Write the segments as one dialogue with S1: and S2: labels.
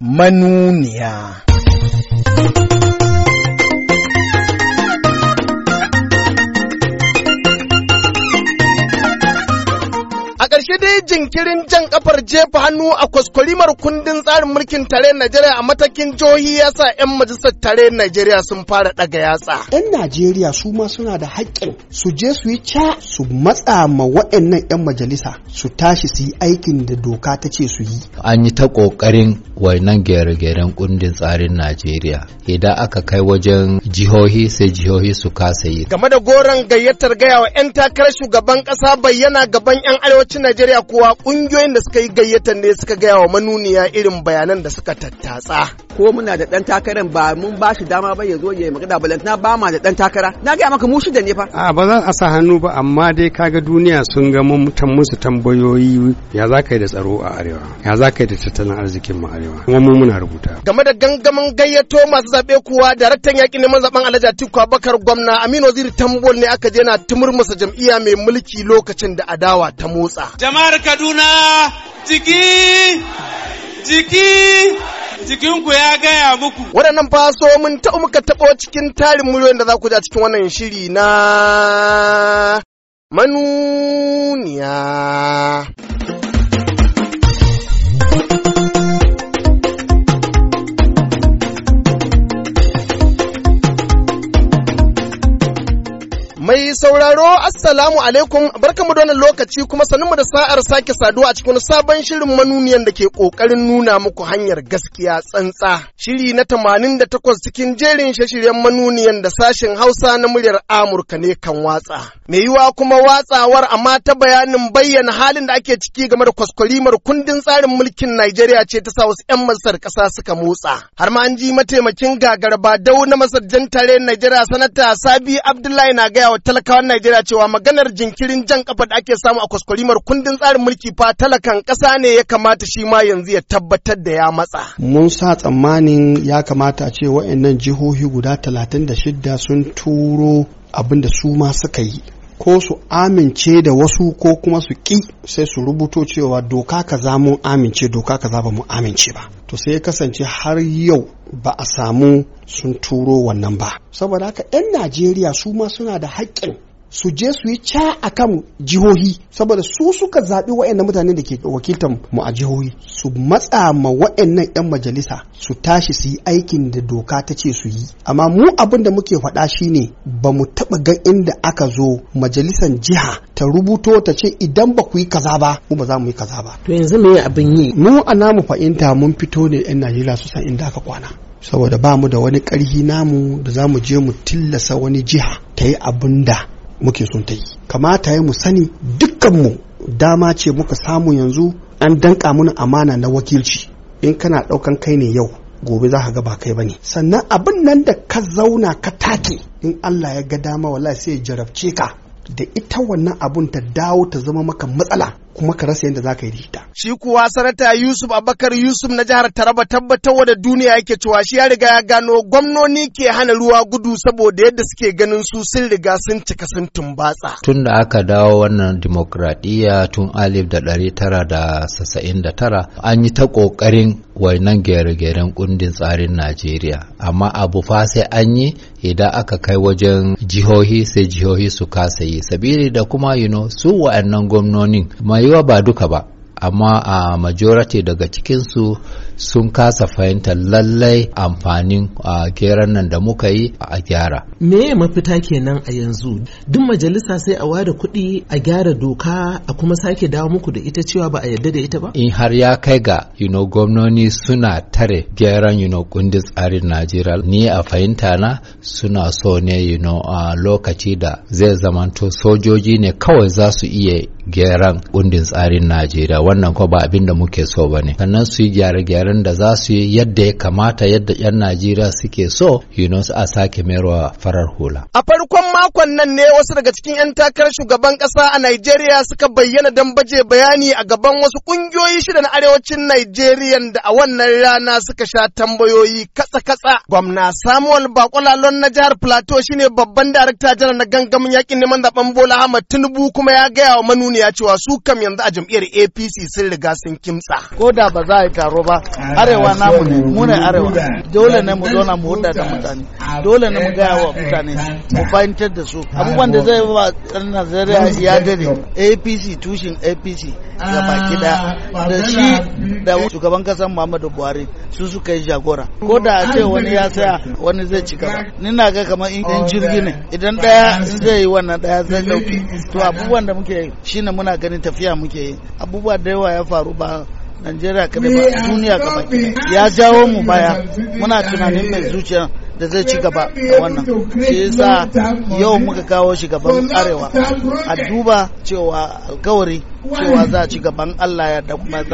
S1: manuniya. jinkirin jan kafar jefa hannu a kwaskwarimar kundin tsarin mulkin tare Najeriya a matakin jihohi ya sa 'yan majalisar tare Najeriya sun fara daga yatsa.
S2: 'Yan
S3: Najeriya su ma suna da haƙƙin su je su yi ca su matsa ma waɗannan 'yan majalisa su tashi su yi aikin da doka ta ce su yi.
S2: An yi ta ƙoƙarin wannan gere-geren kundin tsarin Najeriya idan aka kai wajen jihohi sai jihohi su kasa yi.
S1: Game da goron gayyatar gayawa, wa 'yan takarar shugaban ƙasa bayyana gaban 'yan arewacin Najeriya kuwa cewa kungiyoyin da suka yi gayyatar ne suka gaya wa manuniya irin bayanan da suka tattatsa ko muna da ɗan takarar ba mun ba shi dama ba ya zo ya yi magana balantana ba ma da ɗan takara na gaya maka mu da ne fa
S4: a ba zan a hannu ba amma dai kaga duniya sun ga mun musu tambayoyi ya za ka yi da tsaro a arewa ya za ka yi da tattalin arzikin mu arewa kuma mu muna rubuta
S1: game da gangamin gayyato masu zabe kuwa rattan yaƙi neman zaɓen Alhaji Atiku Abubakar gwamna Aminu Waziri Tambol ne aka je na tumur masa jam'iyya mai mulki lokacin da adawa ta motsa jama'ar Kaduna jiki jiki jikinku ya gaya muku. Waɗannan faso mun taɓa muka taɓo cikin tarin muryoyin da za ku ja cikin wannan shiri na manuniya. Mai sauraro Assalamu alaikum barkamu da wannan lokaci kuma sanin mu da sa'ar sake saduwa a cikin sabon shirin manuniyan da ke kokarin nuna muku hanyar gaskiya tsantsa. Shiri na tamanin da takwas cikin jerin shirye manuniyan da sashen Hausa na muryar Amurka ne kan watsa. Me yiwa kuma watsawar amma ta bayanin bayyana halin da ake ciki game da kwaskwarimar kundin tsarin mulkin Najeriya ce ta sa wasu 'yan masar kasa suka motsa. Har ma an ji mataimakin gagarba dau na masar Jantare Najeriya sanata Sabi Abdullahi na gaya wa wa talakawan Najeriya cewa maganar jinkirin jan kafa da ake samu a kwaskwarimar kundin tsarin mulki fa talakan ƙasa ne ya kamata shi ma yanzu ya tabbatar da ya matsa.
S3: Mun sa tsammanin ya kamata a ce wa'annan jihohi guda talatin da shidda sun turo abin da su ma suka yi ko su amince da wasu ko kuma su ƙi sai su rubuto cewa doka kaza mun amince doka kaza ba mu amince ba to sai ya kasance har yau ba a samu sun turo wannan ba saboda haka 'yan najeriya su ma suna da haƙƙin su je su yi ca a kan jihohi saboda su suka zaɓi waɗannan mutanen da ke wakiltar mu a jihohi su matsa ma waɗannan 'yan majalisa su tashi su yi aikin da doka ta ce su yi amma mu abin da muke faɗa shine ba mu taɓa ga inda aka zo majalisan jiha ta rubuto ta ce idan ba ku yi kaza ba mu ba za mu yi kaza ba to yanzu me abin yi mu a namu fahimta mun fito ne 'yan najeriya su san inda aka kwana saboda ba mu da wani ƙarhi namu da za mu je mu tillasa wani jiha ta yi abin da muke son ta yi kamata ya mu sani dukkanmu dama ce muka samu yanzu an danka mana amana na wakilci in kana ɗaukan kai ne yau gobe za ka ga ba kai bane sannan abin nan da ka zauna ka take in Allah ya ga dama wallahi sai ya jarabce ka da ita wannan abun ta dawo ta zama maka matsala kuma ka rasa yadda za ka yi da ita.
S1: Shi kuwa sanata Yusuf Abakar Yusuf na jihar Taraba tabbatarwa da duniya yake cewa shi ya riga ya gano gwamnoni ke hana ruwa gudu saboda yadda suke ganin su sun riga sun cika sun tumbatsa.
S2: Tun da aka dawo wannan dimokuraɗiyya tun alif da ɗari tara da sassa'in da tara an yi ta ƙoƙarin wannan gyare-gyaren kundin tsarin najeriya amma abu fa sai an yi idan aka kai wajen jihohi sai jihohi su kasa yi sabili da kuma you know, su wa'annan gwamnonin mai yiwa ba duka ba amma a majority daga cikinsu sun kasa fahimtar lallai amfanin a geran nan da muka yi a gyara.
S3: Me
S1: mafita kenan a yanzu? Duk majalisa sai a ware kuɗi a gyara doka a kuma sake dawo muku da ita cewa ba a yarda da ita ba?
S2: In har ya kai ga you know, gwamnoni suna tare gyaran you know, kundin tsarin Najeriya ni a fahimta na suna so ne you know, a lokaci da zai zamanto sojoji ne kawai za su iya gyaran kundin tsarin Najeriya wannan ko ba abin da muke so ba ne sannan su yi gyare-gyaren da za su yi yadda ya kamata yadda 'yan Najeriya suke so you know, a sake merwa farar hula.
S1: A farkon makon nan ne wasu daga cikin 'yan takarar shugaban ƙasa a Najeriya suka bayyana don baje bayani a gaban wasu ƙungiyoyi shida na arewacin Najeriya da a wannan rana suka sha tambayoyi katsa-katsa. Gwamna Samuel Bakwalalon na jihar Plateau shine babban darakta janar na gangamin yakin neman zaben Bola Ahmad Tinubu kuma ya gaya wa manuni ya cewa su
S5: kam yanzu a jam'iyyar APC sun riga sun kimtsa. Ko da ba za a yi taro ba, arewa na ne, mu ne arewa. Dole ne mu zauna mu hulɗa da mutane. Dole ne mu gaya wa mutane mu fahimtar da su. Abubuwan da zai ba tsarin Najeriya ya dare APC tushen APC ga baki da da shi da shugaban kasar Muhammadu Buhari su suka yi jagora. Ko da a ce wani ya saya wani zai ci gaba. Ni na ga kamar in jirgi ne. Idan ɗaya zai yi wannan ɗaya zai ɗauki. To abubuwan da muke yi shi nan muna ganin tafiya muke yi abubuwa da yawa ya faru ba najeriya kadai ba duniya gaba ya jawo mu baya muna tunanin mai zuciya da zai ci gaba da wannan shi yasa yau muka kawo shi gaban arewa a duba cewa alkawari cewa za ci gaban Allah ya kuma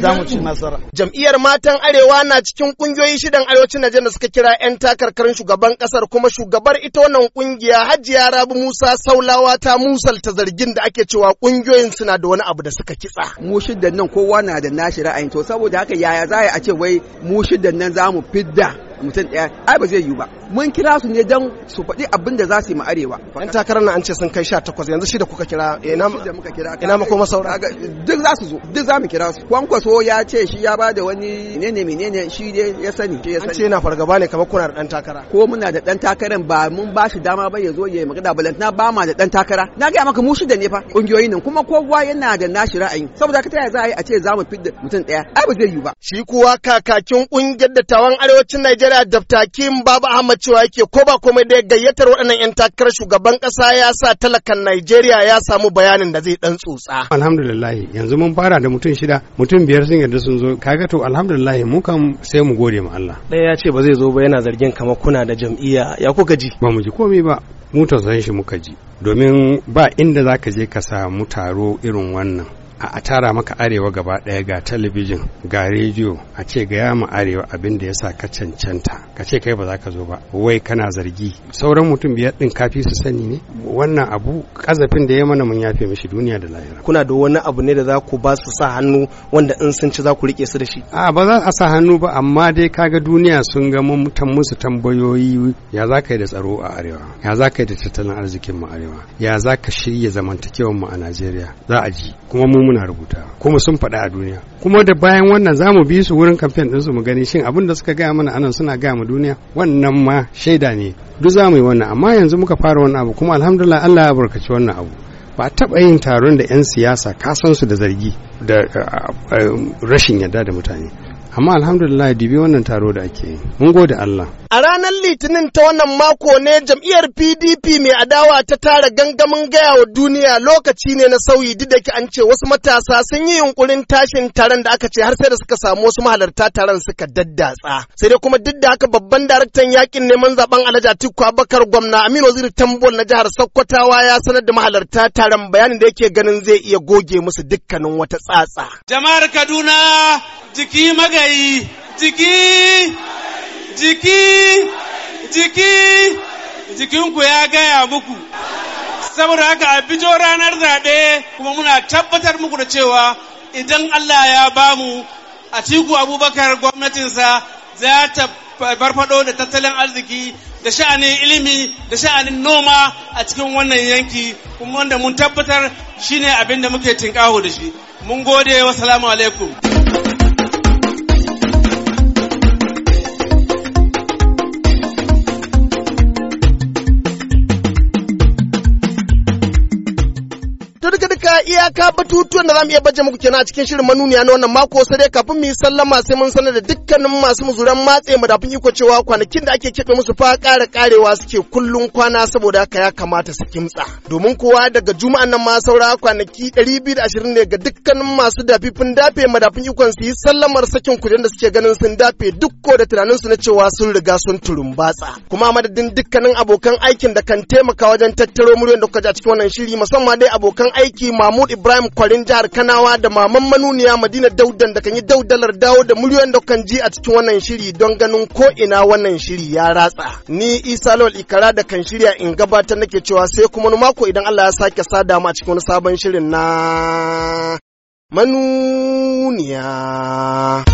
S5: za mu ci nasara.
S1: Jam'iyyar matan Arewa na cikin kungiyoyi shidan arewacin Najeriya da suka kira 'yan takarkarin shugaban kasar kuma shugabar ita wannan kungiya Hajiya Rabu Musa Saulawa ta musalta zargin da ake cewa kungiyoyin suna da wani abu da suka kitsa. Mu shidan nan kowa na da nashi ra'ayin to saboda haka yaya za a ce wai mu shidan nan za mu fidda mutum ɗaya ai ba zai yiwu ba mun kira su ne don su faɗi abin da za su yi ma arewa yan takarar na an ce sun kai sha takwas yanzu shi da kuka kira ina kuma saura duk za su zo duk za mu kira su kwankwaso ya ce shi ya bada wani menene menene shi ne ya sani ya sani ce na fargaba ne kamar kuna da dan takara ko muna da dan takaran ba mun ba shi dama ba ya zo ya yi magana balantana ba ma da dan takara na ga maka mu da ne fa kungiyoyin nan kuma kowa yana da nashi ra'ayi saboda ka taya za a yi a ce za mu fidda mutum daya ai ba zai yi ba shi kuwa kakakin kungiyar tawan arewacin Najeriya kim Baba Ahmad cewa yake ko ba komai da gayyatar waɗannan 'yan takarar shugaban ƙasa ya sa talakan Najeriya ya samu bayanin da zai dan tsotsa
S4: alhamdulillah yanzu mun fara da mutum shida mutum biyar sun yarda sun zo kaga to alhamdulillah mu kan sai mu gode ma Allah ɗaya
S1: ya ce ba zai zo ba yana zargin kama kuna da jam'iyya ya kuka ji ba mu ji komai
S4: ba mu tausayin shi muka ji domin ba inda za ka je ka samu taro irin wannan a tara maka arewa gaba ɗaya ga talabijin ga rediyo a ce ga yama arewa abin da ya sa ka cancanta ka ce kai ba za ka zo ba wai kana zargi sauran mutum biyar din kafi su sani ne wannan abu kazafin da ya mana mun yafe mishi duniya da lahira kuna da
S1: wani abu ne da za ku ba su sa hannu wanda in sun ci za ku rike su da shi
S4: a ba za a sa hannu ba amma dai kaga duniya sun ga mun musu tambayoyi ya za ka yi da tsaro a arewa ya za ka yi da tattalin arzikin mu arewa ya za ka shirya zamantakewan mu a Najeriya za a ji kuma mun muna rubuta kuma sun faɗa a duniya kuma da bayan wannan za mu bi su wurin kamfen ɗinsu mu gani shin abin da suka gaya mana anan suna gaya mu duniya wannan ma shaida ne duk za mu yi wannan amma yanzu muka fara wannan abu kuma alhamdulillah Allah ya barkaci wannan abu ba taɓa yin taron da 'yan siyasa kasan su da zargi da rashin yarda da mutane amma alhamdulillah dibi wannan taro da ake yi mun gode Allah
S1: A ranar Litinin ta wannan mako ne jam'iyyar PDP mai adawa ta tara gangamin gaya wa duniya lokaci ne na sauyi duk an ce wasu matasa sun yi yunkurin tashin taron da aka ce har sai da suka samu wasu mahalarta taron suka daddatsa. Sai dai kuma duk da haka babban daraktan yakin neman zaben Alhaji Atiku Abubakar gwamna Aminu Waziri Tambol na jihar Sokotawa ya sanar da mahalarta taron bayanin da yake ganin zai iya goge musu dukkanin wata tsatsa. Jama'ar Kaduna jiki magayi jiki jiki jiki jikinku ya gaya muku saboda haka a bijo ranar zaɓe kuma muna tabbatar muku da cewa idan Allah ya bamu a tiku abubakar gwamnatinsa za ta farfado da tattalin arziki da sha'anin ilimi da sha'anin noma a cikin wannan yanki kuma wanda mun tabbatar shine abin da muke tinkaho da shi mun gode wa alaikum that iyaka batutuwan da zamu iya baje muku kenan a cikin shirin manuniya na wannan mako sai dai kafin mu yi sallama sai mun sanar da dukkanin masu muzuran matse mu fin iko cewa kwanakin da ake kebe musu fa ƙara ƙarewa suke kullun kwana saboda haka ya kamata su kimtsa. Domin kowa daga juma'an nan ma saura kwanaki 220 ne ga dukkanin masu dafifin dafe madafin ikon su yi sallamar sakin kujen da suke ganin sun dafe dukko da tunanin su na cewa sun riga sun turumbatsa. Kuma madadin dukkanin abokan aikin da kan taimaka wajen tattaro muryoyin da kuka ji a cikin wannan shiri musamman dai abokan aiki mamu mahmud ibrahim kwarin jihar kanawa da maman manuniya madina daudan da kan yi daudalar dawo da miliyoyin da kan ji a cikin wannan shiri don ganin ko ina wannan shiri ya ratsa ni isa lawal ikara da kan shirya in gabatar nake cewa sai kuma mako idan allah ya sake sada mu a cikin wani sabon shirin na manuniya